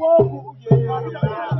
fogo. Yeah.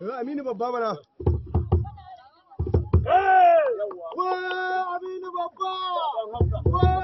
Yanzu eh, Aminu babba mana. Wa eh, Aminu babba! Wa